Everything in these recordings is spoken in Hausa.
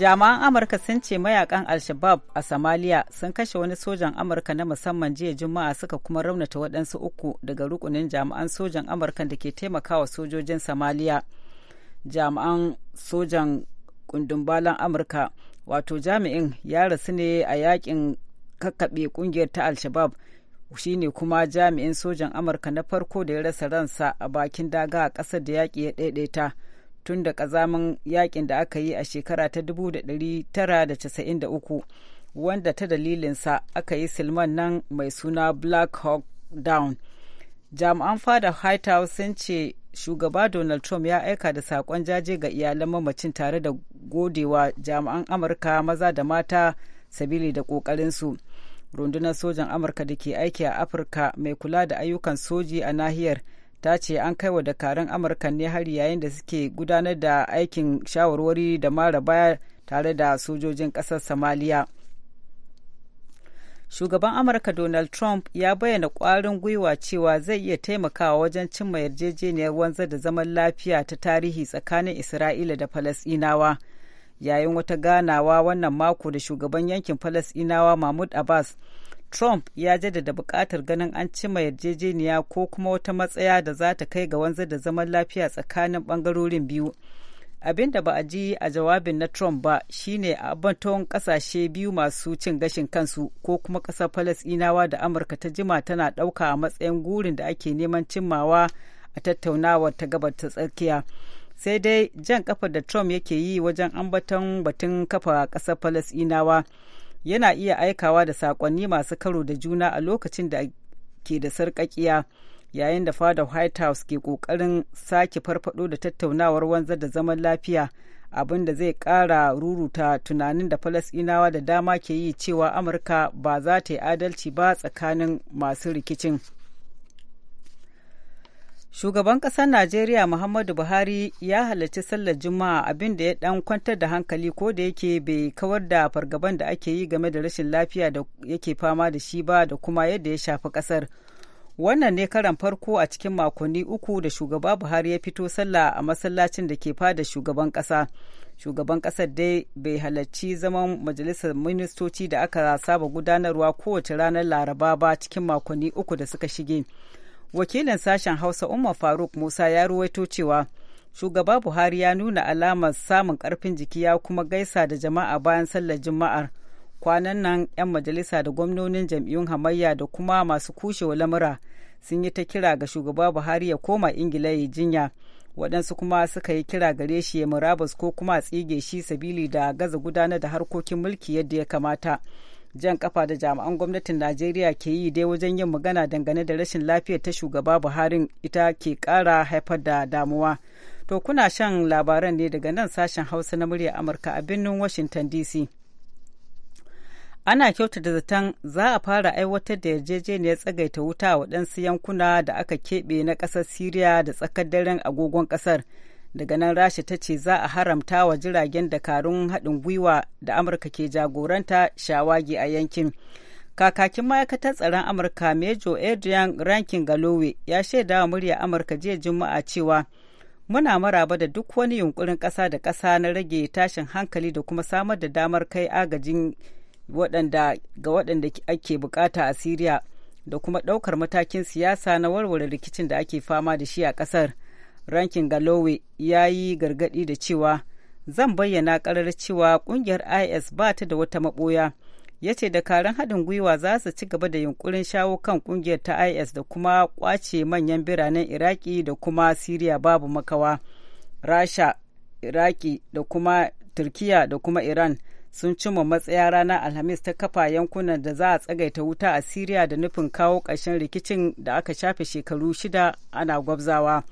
jami'an amurka sun ce mayakan al-shabab a samaliya sun kashe wani sojan amurka na musamman jiya juma'a suka kuma raunata waɗansu uku daga rukunin jami'an sojan amurka da ke taimakawa sojojin samaliya jami'an sojan kundumbalan amurka wato jami'in ya rasu ne a yakin kakkaɓe ƙungiyar ta al-shabab shine kuma jami'in sojan amurka na farko da ya rasa ransa a bakin daga a ƙasar da yaƙi ya ɗaiɗaita tun da ƙazamin yakin da aka yi a shekara ta 1993 wanda ta dalilinsa aka yi silman nan mai suna black hawk down jami'an fada white house sun ce shugaba donald trump ya aika da saƙon jaje ga iyalan mamacin tare da godewa jami'an amurka maza da mata sabili da ƙoƙarinsu rundunar sojan amurka da ke aiki a afirka mai kula da ayyukan soji a nahiyar ta ce an kai wa dakarun amurka ne hari yayin da suke gudanar da aikin shawarwari da mara baya tare da sojojin ƙasar samaliya. shugaban amurka donald trump ya bayyana ƙwarin gwiwa cewa zai iya taimakawa wajen cimma yarjejeniyar wanzar da zaman lafiya ta tarihi tsakanin isra'ila da falasinawa yayin wata ganawa wannan mako da shugaban yankin falasinawa mahmud abbas Trump ya jaddada buƙatar ganin an cima yarjejeniya ko kuma wata matsaya da za ta kai ga wanzar da zaman lafiya tsakanin ɓangarorin biyu. Abin da ba a ji a jawabin na Trump ba shine a abanton ƙasashe biyu masu cin gashin kansu ko kuma ƙasar Falasɗinawa da Amurka ta jima tana ɗauka a matsayin gurin da ake neman cimmawa a tattaunawar ta gabar ta tsakiya. sai dai jan kafa da trump yake yi wajen ambaton batun kafa ƙasar falasɗinawa yana iya aikawa da saƙonni masu karo da juna a lokacin da ke da sarƙaƙiya yayin da fada white house ke ƙoƙarin sake farfado da tattaunawar wanzar da zaman lafiya abin da zai ƙara ruruta tunanin da falasɗinawa da dama ke yi cewa amurka ba za ta yi adalci ba tsakanin masu rikicin. Shugaban ƙasar Najeriya Muhammadu Buhari ya halarci sallar Juma'a abinda ya ɗan kwantar da hankali ko da yake bai kawar da fargaban da ake yi game da rashin lafiya da yake fama da shi ba da kuma yadda ya shafi ƙasar. Wannan ne karan farko a cikin makonni uku da shugaba Buhari ya fito sallah a masallacin da ke fada shugaban ƙasa. Shugaban ƙasar dai bai halarci zaman majalisar ministoci da aka saba gudanarwa kowace ranar Laraba ba cikin makonni uku da suka shige. wakilin sashen hausa umar faruk musa ya ruwaito cewa shugaba buhari ya nuna alamar samun karfin jiki ya kuma gaisa da jama'a bayan sallar juma'ar kwanan nan 'yan majalisa da gwamnonin jam'iyyun hamayya da kuma masu kushewa lamura sun yi ta kira ga shugaba buhari ya koma ingila ya jinya waɗansu kuma suka yi kira gare shi ya murabus ko kuma tsige shi sabili da gaza gudanar da harkokin mulki yadda ya kamata jan kafa da jami'an gwamnatin najeriya ke yi dai wajen yin magana dangane da rashin lafiyar ta shugaba buhari ita ke kara haifar da damuwa to kuna shan labaran ne daga nan sashen hausa na murya amurka a birnin washington dc ana kyauta da zaton za a fara aiwatar da yarjejeniyar tsagaita wuta a waɗansu yankuna da aka keɓe na ƙasar siriya da tsakar daren agogon ƙasar daga nan rasha ta ce za a haramta wa jiragen dakarun haɗin gwiwa da amurka ke jagoranta shawagi a yankin kakakin ma'aikatar tsaron amurka mejo adrian rankin galowe ya shaida wa murya amurka jiya juma'a cewa muna maraba da duk wani yunkurin ƙasa da ƙasa na rage tashin hankali da kuma samar da damar kai agajin waɗanda ga waɗanda ake bukata a siriya da kuma ɗaukar matakin siyasa na warware rikicin da ake fama da shi a ƙasar rankin galowe ya yi gargaɗi da cewa zan bayyana karar cewa kungiyar is ba ta da wata maboya ya ce dakarun haɗin gwiwa za su ci gaba da yunkurin shawo kan kungiyar ta is da kuma kwace manyan biranen iraki da kuma siriya babu makawa rasha iraki da kuma turkiya da kuma iran sun cimma matsaya ranar alhamis ta kafa yankunan da za a tsagaita wuta a siriya da nufin kawo ƙarshen rikicin da aka shafe shekaru shida ana gwabzawa.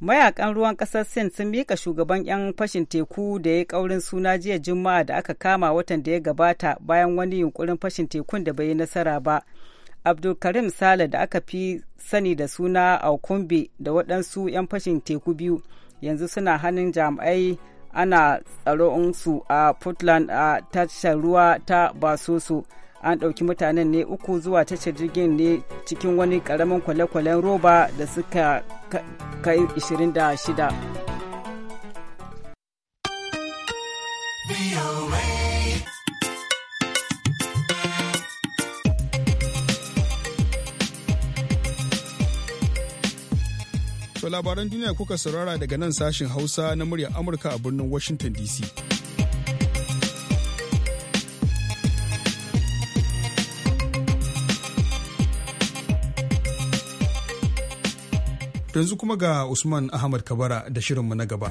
mayakan ruwan kasar sin sun mika shugaban 'yan fashin teku da ya kaurin suna jiya juma'a da aka kama watan da ya gabata bayan wani yunkurin fashin tekun da bai yi nasara ba abdulkarim sale da aka fi sani da suna aukumbi da waɗansu 'yan fashin teku biyu yanzu suna hannun jami'ai ana tsaron su a portland a tashar ruwa ta basoso an ɗauki mutanen ne uku zuwa tashar jirgin ne cikin wani ƙaramin kwale-kwalen roba da suka kai 26 To labaran duniya kuka saurara daga nan sashin Hausa na muryar Amurka a birnin Washington DC. yanzu kuma ga Usman Ahmad Kabara da shirinmu na gaba.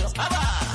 los ¡Aba!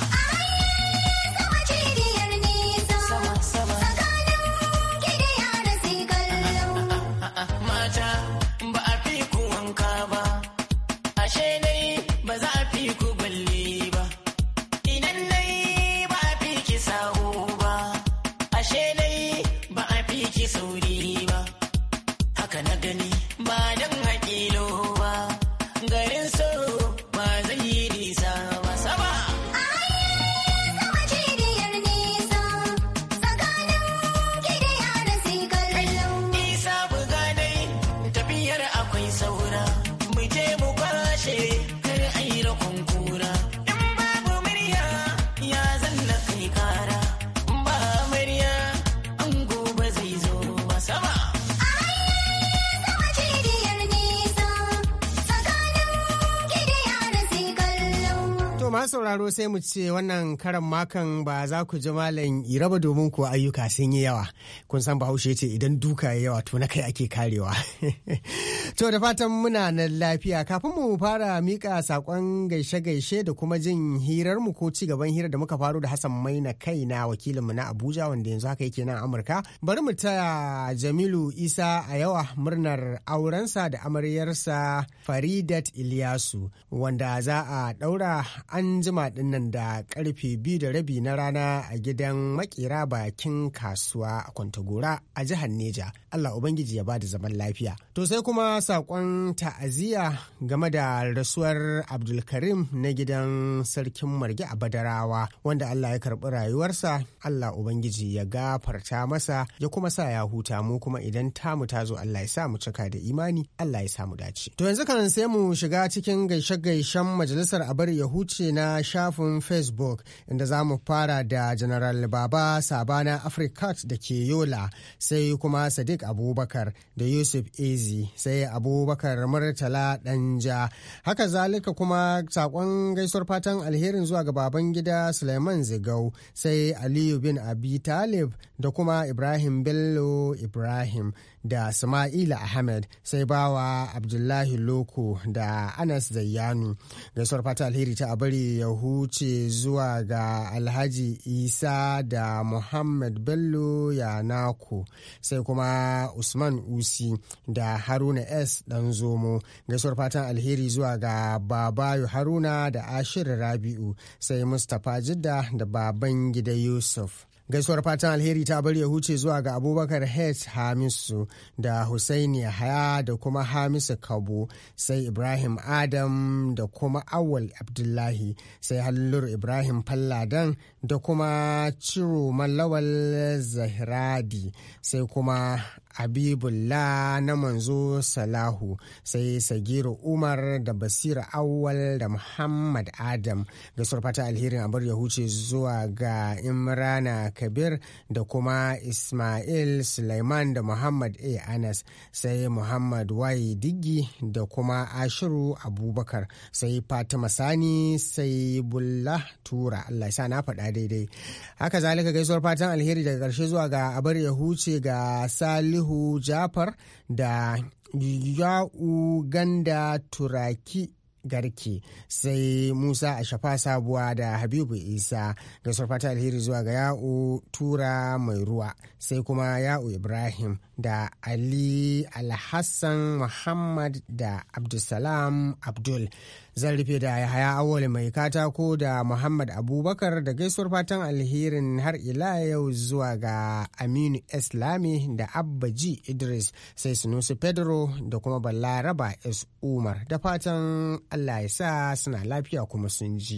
sauraro sai mu ce wannan karan makan ba za ku ji malam iraba domin ku ayyuka sun yi yawa. Kun san bahaushe ce idan duka ya yawa to na kai ake karewa. to da fatan muna nan lafiya kafin mu fara mika sakon gaishe-gaishe da kuma jin hirar mu ko ci gaban hirar da muka faro da Hassan Maina kai na wakilinmu na Abuja wanda yanzu haka yake nan Amurka. Bari mu taya Jamilu Isa a yawa murnar aurensa da amaryarsa Faridat Ilyasu wanda za a daura an jima nan da karfe biyu da rabi na rana a gidan makera bakin kasuwa a Kwantagora a jihar Neja. Allah Ubangiji ya bada zaman lafiya. To sai kuma saƙon ta'aziyya game da rasuwar Abdulkarim na gidan sarkin marge a Badarawa wanda Allah ya karɓi rayuwarsa Allah Ubangiji ya gafarta masa ya kuma sa ya huta mu kuma idan tamu ta zo Allah ya sa mu cika da imani Allah ya sa mu dace. To yanzu kan sai mu shiga cikin gaishe-gaishen majalisar abar ya huce na shafin Facebook inda za mu fara da General Baba Sabana Africat da ke Yola sai kuma Sadiq abubakar da yusuf ezi sai abubakar murtala danja haka zalika kuma sakon gaisuwar fatan alherin zuwa ga baban gida suleiman zigau sai aliyu bin abi talib da kuma ibrahim bello ibrahim da Sama'ila Ahmed sai bawa Abdullahi Loko da Anas Zayyanu. Gaisuwar fata alheri ta abari ya huce zuwa ga Alhaji Isa da Muhammad Bello Yanako sai kuma Usman Usi da Haruna S dan zomo. Gaisuwar fatan alheri zuwa ga Babayo Haruna da Ashir Rabi'u sai Mustapha Jidda da Baban Gida Yusuf. gaisuwar fatan alheri ta bari ya huce zuwa ga abubakar h hamisu da Hussaini haya da kuma hamisu kabo sai ibrahim adam da kuma awal abdullahi sai hallur ibrahim falladan da kuma ciro mallawal zahiradi sai kuma abibullah na manzo salahu sai sagiru umar da basir awwal da muhammad adam gaisuwar fata alherin abar ya huce zuwa ga imrana kabir da kuma ismail sulaiman da muhammad a anas sai muhammad y diggi da kuma ashiru abubakar sai fatima sani sai bullah tura allah sa na faɗa daidai haka zalika gaisuwar fatan alheri daga karshe zuwa ga abar ya huce ga salihu Salihu Jafar da Ya'u Ganda Turaki garke sai musa a shafa sabuwa da habibu isa da surfata alheri zuwa ga ya'u tura mai ruwa sai kuma ya'u ibrahim da ali alhassan muhammad da abdulsalam abdul zan rufe da yahaya awol mai katako da muhammad abubakar da gaisuwar fatan alherin har ila yau zuwa ga aminu islami da abba ji idris sai sunusi pedro da kuma balaraba s umar da fatan allah ya sa suna lafiya kuma sun ji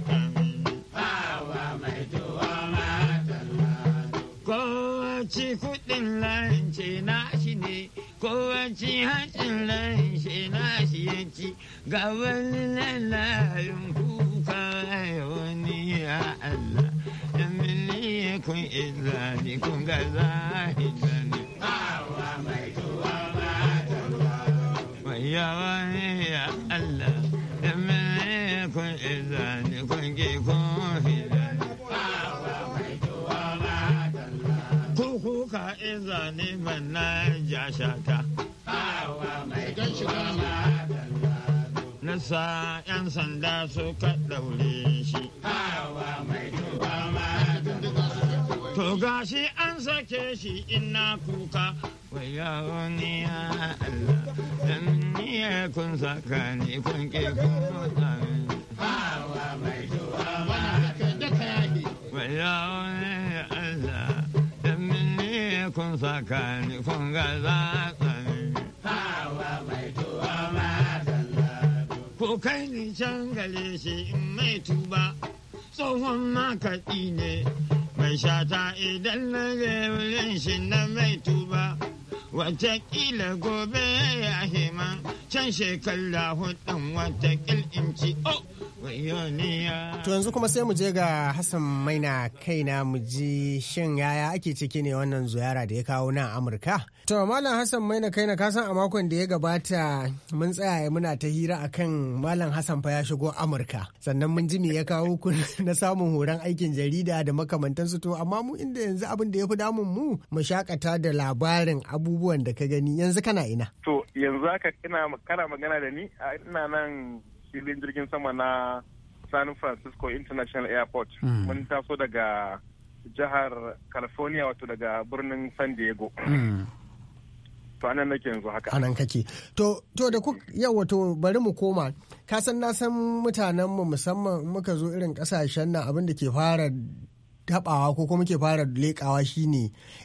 kowace kudin lance na shi ne kowace hancin lance na shi yanci ga wani lalayin kuka wani ya Allah da kun izali kun ga zahida na shata. Nasa 'yan sanda suka ɗaure shi. To gashi an sake shi ina kuka, wai ni ya Allah, dan ni ya kun saka ni kun ke kun Hawa mai duwa ma. Wai yawon kun saka ni kun ga za sani. Hawa mai tuwa ma Ko kai ni can gale shi in mai tuba, tsohon makaɗi ne. Mai shata idan na wurin shi na mai tuba, watakila gobe ya hima can shekara hudun watakil in ci o. Oh! To yanzu kuma sai mu je ga Hassan Maina kaina mu ji shin yaya ake ciki ne wannan ziyara da ya kawo nan Amurka. To Malam Hassan Maina kaina ka san a makon da ya gabata mun tsaya muna ta hira akan Malam Hassan fa ya shigo Amurka. Sannan mun ji me ya kawo ku na samun horon aikin jarida da su to amma mu inda yanzu abin da ya fi damun mu mu shakata da labarin abubuwan da ka gani yanzu kana ina. To yanzu haka kana magana da ni ina nan filin jirgin sama na san francisco international airport hmm. mun taso daga jihar california wato daga birnin san diego hmm. to anan nake yanzu haka anan kake to to da ku yau wato bari mu koma ka san na san mutanen mu musamman muka zo irin kasashen nan abin da ke fara taɓawa ko kuma ke fara lekawa shine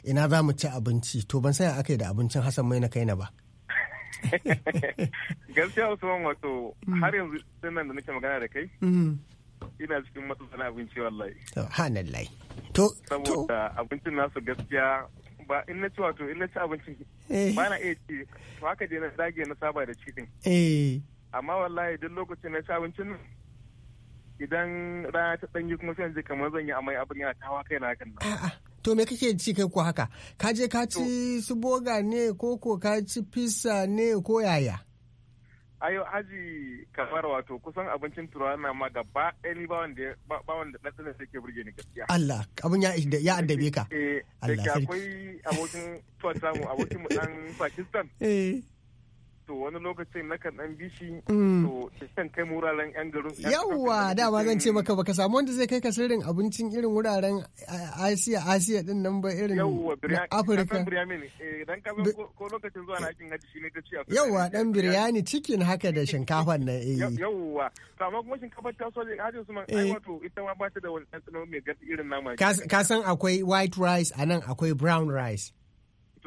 ina za mu ci abinci to ban san aka yi da abincin Hassan mai na kaina ba gaskiya usman wato mm. har yanzu sunan da nake magana da kai mm. ina cikin matsalan abinci wallahi hanallai to saboda abincin nasu gaskiya ba in na ci wato in na ci abincin eh. ba na iya ci to haka je na dage na saba da cikin. Eh. amma wallahi duk lokacin na ci abincin idan rana ta danyi kuma sai kamar zan yi amai abin yana tawa kai na hakan to me kake ci kai ko haka ka je ka ci su boga ne ko ko ka ci pizza ne ko yaya ayo haji kamar wato kusan abincin turawa na ma gaba ba ɗani ba wanda ba wanda ɗan ke burge ni gaskiya Allah abun ya ya addabe eh, ka eh Allah akwai abokin tuwa samu abokin mu dan Pakistan eh to wani lokacin na kan dan bishi mm. to kan kai muraren yan garin yawwa dama zan ce maka baka samu wanda zai kai ka sirrin abincin irin wuraren asiya asiya din nan ba irin na afirka eh, dan ka ko lokacin zuwa na kin haji shine ta ci yawwa dan biryani cikin haka da shinkafan na eh yawwa to amma kuma shinkafar ta so haji su man ai eh. wato ita ma ba ta da wani dan mai gardi irin nama ka san akwai white rice anan akwai brown rice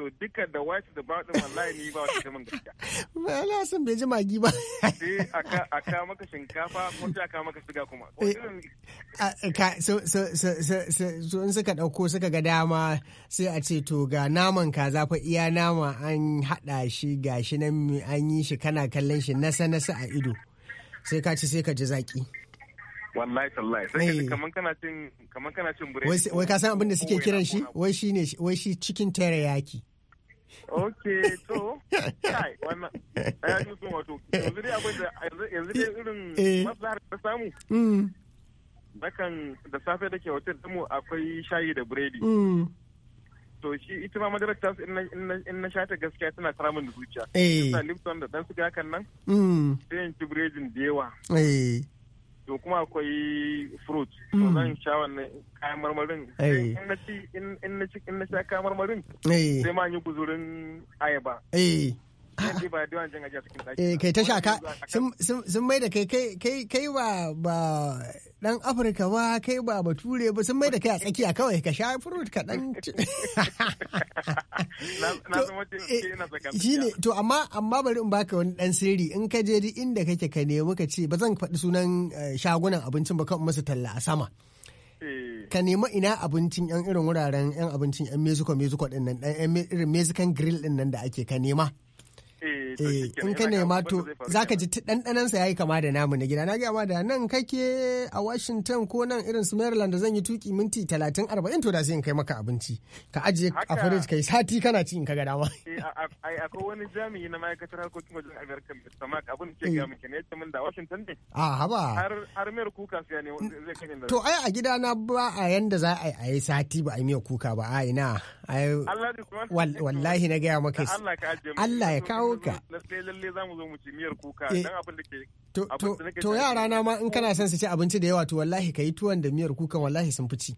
to duka da white da baɗin wallahi ni ba wata kaman gaskiya. Ba ya san bai ji magi ba. Sai a ka maka shinkafa ko ta eh, ka maka siga kuma. So so in suka ɗauko suka ga dama sai a ce to ga naman ka fa iya nama an haɗa shi ga shi nan an yi shi kana kallon shi nasa nasa a ido. Sai ka ci sai ka ji zaki. wallahi tallahi sai eh. kaman kana cin kaman kana cin burodi wai ka san abin da suke kiran shi wai shi ne wai shi cikin teriyaki ok to kai wannan ya yi sun wato yanzu dai abin da yanzu dai irin eh. maslahar ta samu mm. nakan da safe da ke hotel mu akwai shayi da biredi mm. to shi ita ma madarar ta in na shata gaskiya tana tara min da zuciya eh lipton da dan suga hakan nan mm. sai in ci biredin da yawa eh to kuma akwai fruit to mm. zan sha wannan kayan marmarin eh. in na ci sha kayan marmarin eh. sai ma yi guzurin ayaba eh. Eh kai ta shaka sun mai da kai kai ba ba dan Afirka ba kai ba bature ba sun mai da kai a tsakiya kawai ka sha furut ka dan. Eh, Shine to amma amma bari in baka wani dan sirri in ka je duk inda kake ka nemi ka ce ba zan faɗi sunan eh, shagunan abincin ba kan masu talla a sama. Eh. ka nema ina abincin yan irin wuraren yan abincin yan mexico mexico din nan dan irin mezukan grill din nan da ake ka nema y eh in ka nema to za ka ji ɗanɗanansa ya yi kama da namu na gida na ga ma da nan kake a Washington ko nan irin su Maryland da zan yi tuki minti talatin arba'in to da sai in kai maka abinci ka ajiye a fridge kai sati kana ci in ka ga dama eh, ai akwai wani jami'i na ma'aikatar harkokin wajen America Mr. Mark abin ke ga ke ne mun da Washington ne a ah, haba har har mayar kuka sai ne zai kai to ai a gida na ba a yanda za a yi a yi sati ba a yi miyar kuka ba a ina wallahi na gaya maka Allah ya kawo ka lalle lalle za mu zo mu ci miyar kuka eh, dan abin da ke to yara na ma in oh. kana son su ci abinci da yawa to wallahi ka yi tuwon da miyar kukan wallahi sun fi ci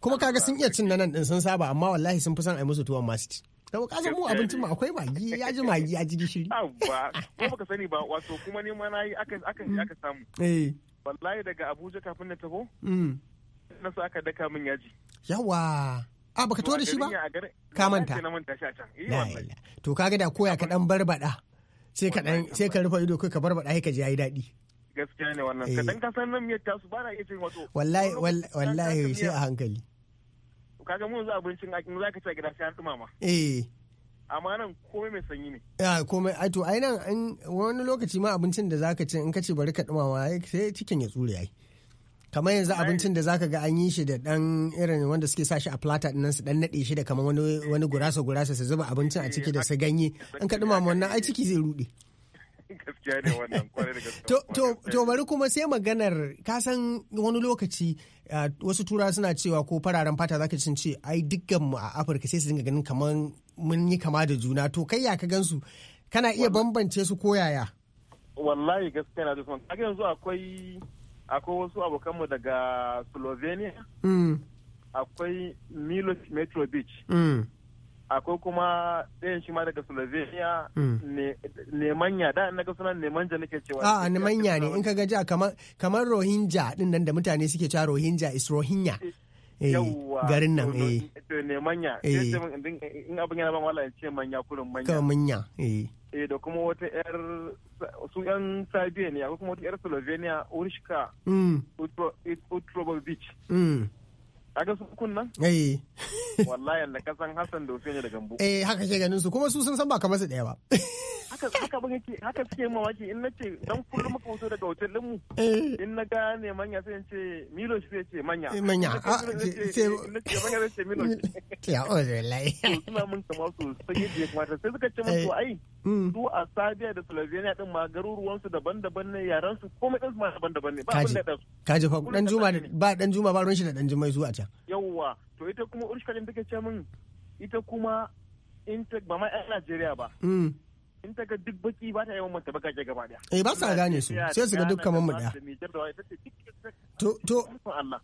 kuma kaga sun iya cin nan din sun saba amma wallahi sun fi son a yi musu tuwon masu ci da ka san mu abincin ma akwai magi ya ji magi ya ji gishiri ba ko baka sani ba wato kuma ne ma nayi akan aka mm. aka samu eh wallahi daga Abuja kafin na taho mm. na sa aka daka min yaji yawa a baka to shi ba ka manta to kaga da koya ka dan barbada sai ka dan sai ka rufe ido kai ka barbada sai ka ji yayi dadi gaskiya ne wannan ka eh. dan ka san nan miyar tasu ba na iya cin wato wallahi wallahi sai a hankali kaga mun zo abincin akin za ka ci gida sai an dumama eh amma nan komai mai sanyi ne. Ya komai ai to ai nan wani lokaci ma abincin da zaka ci in ka ci bari ka dumawa sai cikin ya tsure yayi. kamar yanzu abincin da zaka ga an yi shi da dan irin wanda suke sa shi a plata nan su dan nade shi da kamar wani wani gurasa gurasa su zuba abincin a eh, ciki da su ganye an ka duma wannan ai ciki zai rude gaskiya to bari kuma sai maganar ka san wani lokaci wasu tura suna cewa ko fararen fata zaka cin ce ai dukkan mu a Afirka sai su dinga ganin kamar mun yi kama da juna to kai ya ka gansu kana iya bambance su ko yaya wallahi gaskiya na da son kaga yanzu akwai akwai wasu abokanmu daga slovenia hmm. akwai milo beach hmm. akwai kuma ɗayan shi ma daga Slovenia hmm. manya da na ga neman nemanja nake cewa a ya ne in ka gaji kamar kamar Rohingya din nan da mutane suke cewa Rohingya is Rohingya eh, eh, garin nan eh. eh to nemanya in abin yana ban wala ce manya kurin manya manya eh da kuma wata yar su yan Serbia ne akwai kuma wata yar Slovenia Urshka mm. Utrobovic mm. kaga su kun nan eh wallahi da kasan Hassan da ne da Gambo eh haka ke ganin su kuma su sun san ba kamar su daya ba haka haka ban yake haka suke mamaki in nace dan kullum muka fito daga hotel din mu eh. in na ga ne manya sai in ce milo shi sai ce manya eh, manya ah, sai nace manya sai ce milo shi ya ozo lai suna mun kama su sai yadda ya kamata sai suka ce mun to eh. ai hmm. su a Sabiya da Slovenia din ma garuruwan su daban-daban ne yaran su komai din su ma daban-daban ne ba abin da su kaji fa dan juma ba dan juma ba ruwan shi da dan jumai su a can yawwa to ita kuma Urshka din take ce min ita kuma in ba ma 'yan Najeriya ba hmm. in ta ga duk baki ba ta mun mata bakake gaba daya eh ba sa gane su sai su ga duk kaman mu daya to to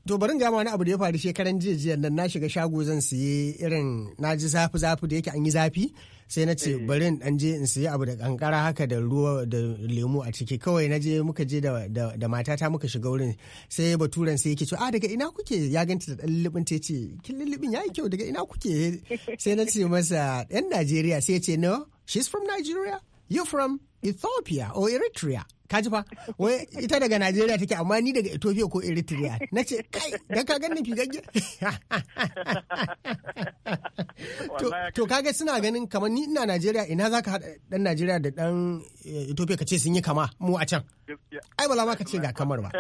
to bari ga wani abu da ya faru shekaran jiya jiya nan na shiga shago zan siye irin na ji zafi zafi da yake an yi zafi sai na ce eh. bari dan je in siya abu da kankara haka da ruwa da lemu a ciki kawai na je muka je da matata muka shiga wurin sai baturan sai yake ce a ah, daga ina kuke ya ganta da dan lulubin ta ce kin lulubin yayi kyau daga ina kuke sai na ce masa yan Najeriya sai ya ce no She's from Nigeria. You're from Ethiopia or Eritrea. ka ji fa wai ita daga Najeriya take amma ni daga Ethiopia ko Eritrea na ce kai dan ka ganin figagge to kaga suna ganin kamar ni ina Najeriya ina zaka hada dan Najeriya da dan eh, Ethiopia kace sun yi kama mu a can ai bala ma ka ce ga kamar ba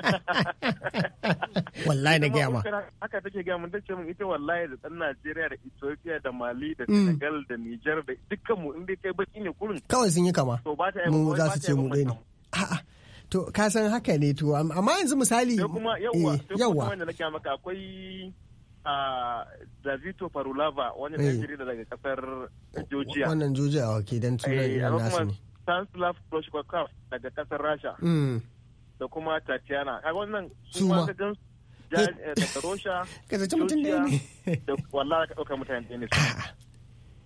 wallahi na gaya ma haka take gaya mun tace mun ita wallahi da dan Najeriya da Ethiopia da Mali da mm. Senegal da Niger da dukkan mu in dai kai baki ne kurin kawai sun yi kama mu za su ce mu dai ne to ka san haka ne to amma yanzu misali eh, yawa wanda nake maka akwai a Davito Parulava wani eh. ɗan jarida daga kasar Georgia wannan Georgia ok dan turai eh, nasu ne Stanislav Kloshkov daga kasar Rasha hmm. da kuma Tatiana kaga wannan su ma ga daga Russia kaza mutum da ne da wallahi ka dauka mutane ne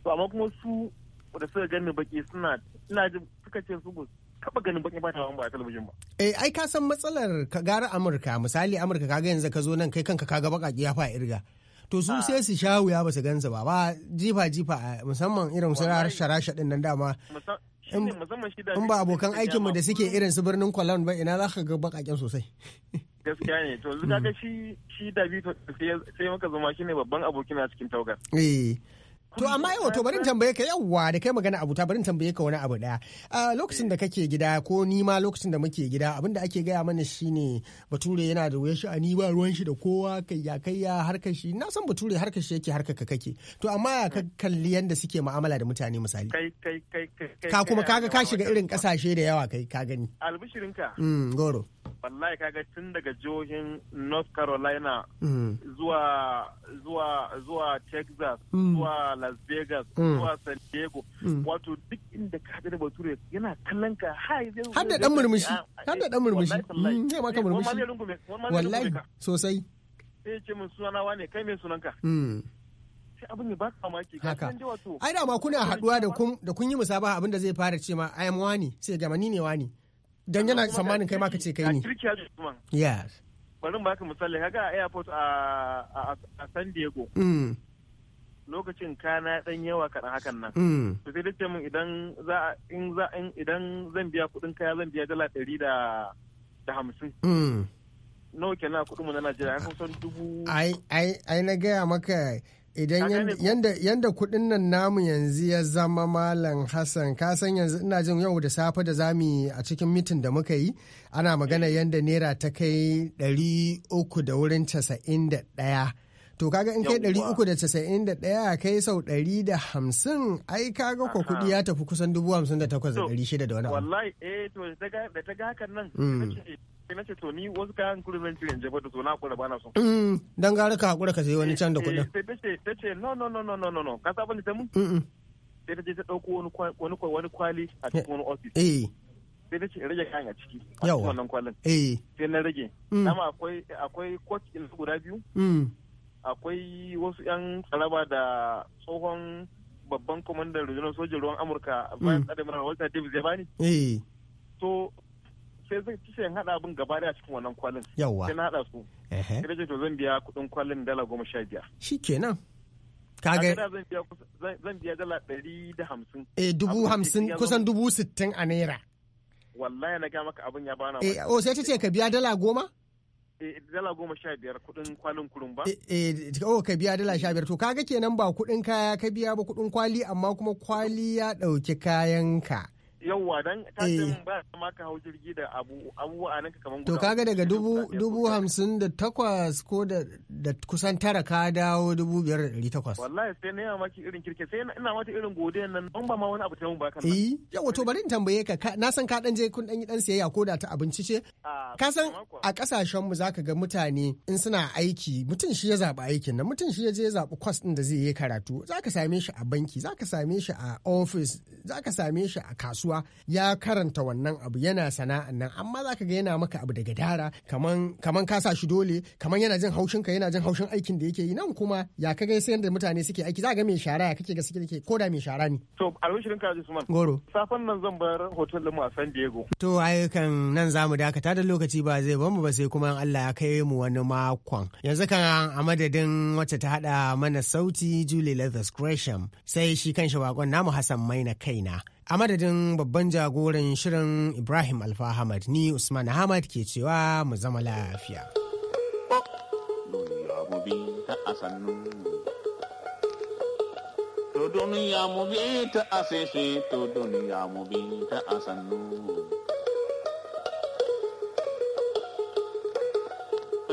to amma kuma su da suka gani baki suna ina ji suka ce su taba ganin bakin fata ba a talabijin ba. Eh ai ka san matsalar ka gara Amurka misali Amurka kaga yanzu ka zo nan kai kanka kaga bakaki ya fa irga. To su ah. sai su sha wuya ba su gansa ba ba jifa jifa eh, musamman irin su rasha rasha din nan dama. In ba abokan aikinmu da suke irin su birnin Cologne ba ina za ka ga bakaken sosai. gaskiya ne to zuka ga mm. shi shi to sai muka zama shi ne babban abokin a cikin tawagar. Eh. To amma yau to barin tambaye ka yawwa da kai magana abuta barin tambaye ka wani abu daya. A ah, lokacin da kake gida ko ni ma lokacin da muke gida abin da ake gaya mana shine Bature yana da wuyar sha'ani ba ruwan shi da kowa kai ya kai ya harkar shi na san Bature harkar shi yake harkar ka kake. To amma ya ka kalli yanda suke mu'amala da mutane misali. Kai kai kai kai. Ka kuma kaga ka shiga irin kasashe da yawa kai ka gani. Albishirinka. Mm goro. wallahi kaga tun daga jihohin north carolina mm. zuwa zuwa zuwa texas mm. zuwa las vegas mm. zuwa san diego wato duk inda ka da bature yana kallon ka hai zai har da dan murmushi har da dan murmushi zai maka murmushi wallahi sosai sai ce min sunana wane kai me sunanka haka ai da ma kuna haduwa da kun da kun yi musabaha abin da zai fara ce ma ai am wani sai ga ni ne wani don yana tsammanin kai ma ka ce kai ne yes bari ba ka misali haka a airport a San Diego mm. lokacin kana dan yawa kaɗan hakan nan mm. to sai dace min idan za in za idan zan biya kuɗin kaya zan biya dala ɗari da da hamsin mm. nawa kenan kuɗin mu na Najeriya an kusan dubu ai ai ai na gaya maka idan yanda kudin nan namu yanzu ya zama malam hassan ka san yanzu ina jin yau da safe da zamu a cikin mitin da muka yi ana magana eh. yanda naira ta kai ɗari uku da wurin casa'in da ɗaya to kaga in kai ɗari uku da casa'in da ɗaya kai sau ɗari da hamsin ai kaga ko kuɗi ya tafi kusan dubu hamsin da takwas da ɗari shida da wani abu wallahi eh to da ta ga hakan nan mm. sai na ce to ni wasu kayan kuɗin cire je to na ba na so. Mm, dan gara ka hakura ka wani can da eh, kuɗin. sai ta ta ce no no no no no no ka saba ni ta mu. sai ta je ta ɗauko wani kwali a cikin wani eh. sai ta ce rage kayan a ciki wannan kwalin. Eh. sai na rage. Mm. dama akwai akwai coach guda biyu. Mm. akwai wasu 'yan tsaraba da tsohon babban kwamandan rundunar sojin ruwan amurka bayan walter davis ya bani sai zai ci yan hada abin gaba daya cikin wannan kwalin yawa sai na hada su sai ce to zan biya kudin kwalin dala goma sha biyar shikenan kaga zan biya dala dari da hamsin eh dubu hamsin kusan dubu sittin a naira wallahi na ga maka abin ya bana eh o oh, sai ta ce ka biya dala goma eh, dala goma sha biyar kuɗin kwalin kurun ba? Eh, eh, oh, ka biya dala sha biyar. To kaga kenan ba kuɗin kaya ka biya ba kuɗin kwali amma kuma kwali ya ɗauki kayanka. yauwa dan tashin eh. ba ma ka hau jirgi da abubuwa nan kamar to kaga daga dubu hamsin da takwas ko da kusan tara ka dawo dubu biyar da takwas wallahi sai na yawa maki irin kirke sai ina mata irin godiya nan ban ba ma wani abu tamu ba kan eh yawa to bari in tambaye ka na san ka dan je kun dan yi dan siyayya ko da ta abinci ce ka san a kasashen mu zaka ga mutane in suna aiki mutum shi ya zaba aikin nan mutum shi ya je ya zabi kwas din da zai yi karatu zaka same shi a banki zaka same shi a office zaka same shi a kasuwa kasuwa ya karanta wannan abu yana sana'an nan amma za ka ga yana maka abu daga dara kaman ka sa shi dole kaman yana jin haushin ka yana jin haushin aikin da yake yi nan kuma ya ka ga sai yadda mutane suke aiki za ga mai shara ya kake ga suke ke koda mai shara ne to ne ka ji suman goro safan nan zan bar hotel mu a San Diego to ayyukan nan za zamu dakata da lokaci ba zai bamu ba sai kuma Allah ya kai mu wani makon yanzu kan a madadin wacce ta hada mana sauti Julie Leathers Gresham sai shi kan shi bakon namu Hassan Maina kaina a madadin babban jagoran shirin ibrahim alfa hamad ni usman ahmad ke cewa mu zama lafiya duniya mu bi ta to duniya mu bi ta asannu.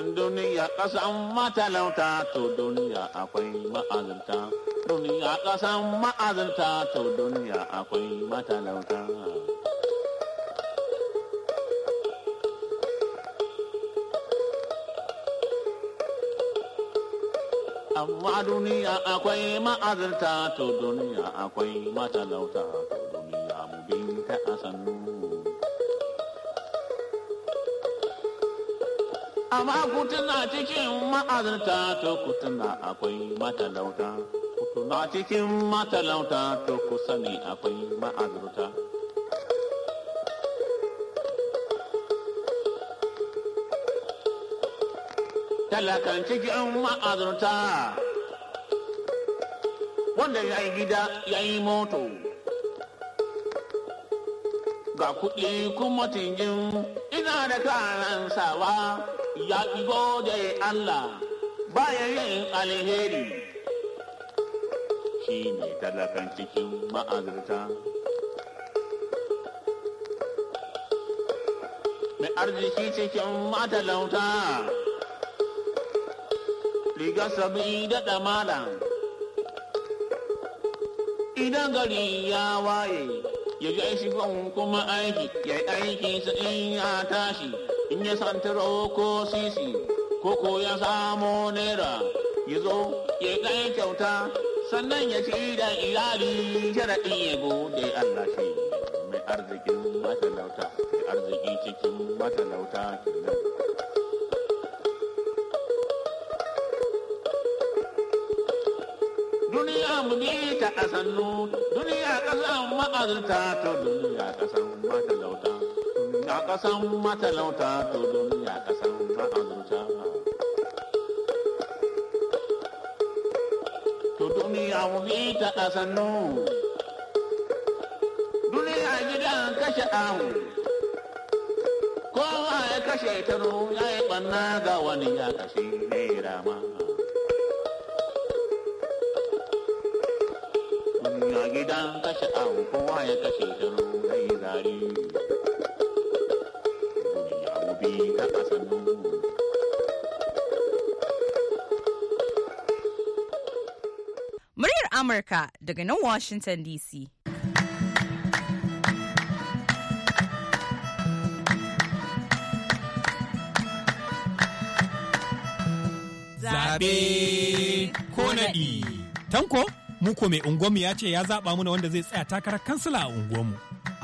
duniya ƙasan matalauta to duniya akwai ma'azinta duniya ƙasan ma'azinta to duniya akwai matalauta amma duniya akwai ma'azinta to duniya akwai matalauta to duniya mu binta a sannu amma kutuna cikin ma'azarta to kutuna akwai matalauta kutuna cikin matalauta to kusa ne akwai ma'azarta talakan cikin ma'azarta wanda ya yi gida ya yi moto ga kuɗi kuma tingin ina da kanan sawa ya gode Allah bayan yin alheri shi ne talakan cikin ma'azarta. Mai arziki cikin matalauta riga sabi da damala idan gari ya waye ya ga shi kuma aiki ya aiki sa in ya tashi. in ya santar ko sisi ko ko ya samo naira ya zo ya gaya kyauta sannan ya ci da iyali ya go da Allah shi mai arzikin matalauta ya arziki cikin matalauta kenan. Duniya mu bi ta kasannu duniya kasan ma'azurta ta duniya ƙasan lauta. ga kasan matalauta to duniya kasan ta azurta to duniya mu ta ta kasannu duniya gidan kashe ahu kowa ya kashe ta ya yi banna ga wani ya kashe ne rama duniya gidan kashe ahu kowa ya kashe ta ya yi zari Muryar Amurka daga nan Washington DC. Zabe ko Tanko, mu mai unguwanmu ya ce ya zaɓa mana wanda zai tsaya takarar kansila a unguwanmu.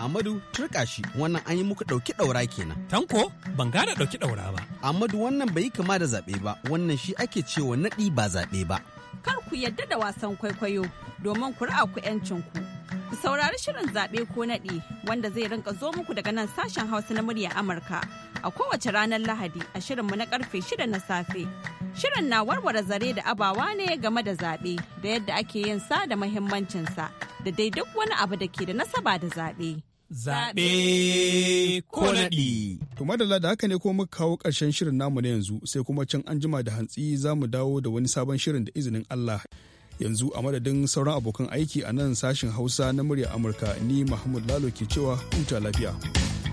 Amadu turka shi wannan an yi muku ɗauki ɗaura kenan. Tanko ban gane ɗauki ɗaura ba. Amadu wannan bai yi kama da zaɓe ba wannan shi ake cewa naɗi ba zaɓe ba. Kar ku yadda da wasan kwaikwayo domin ku ra'a ku 'yancin ku. Ku saurari shirin zaɓe ko naɗi wanda zai rinka zo muku daga nan sashen Hausa na murya Amurka a kowace ranar Lahadi a shirinmu na karfe shida na safe. Shirin na warware zare da abawa ne game da zaɓe da yadda ake yin sa da muhimmancinsa da dai duk wani abu da ke da nasaba da zaɓe. zaɓe ko naɗi. To madalla da haka ne ko muka kawo ƙarshen shirin namu na yanzu sai kuma can an jima da hantsi za mu dawo da wani sabon shirin da izinin Allah. Yanzu a madadin sauran abokan aiki a nan sashin Hausa na murya Amurka ni Muhammad Lalo ke cewa huta lafiya.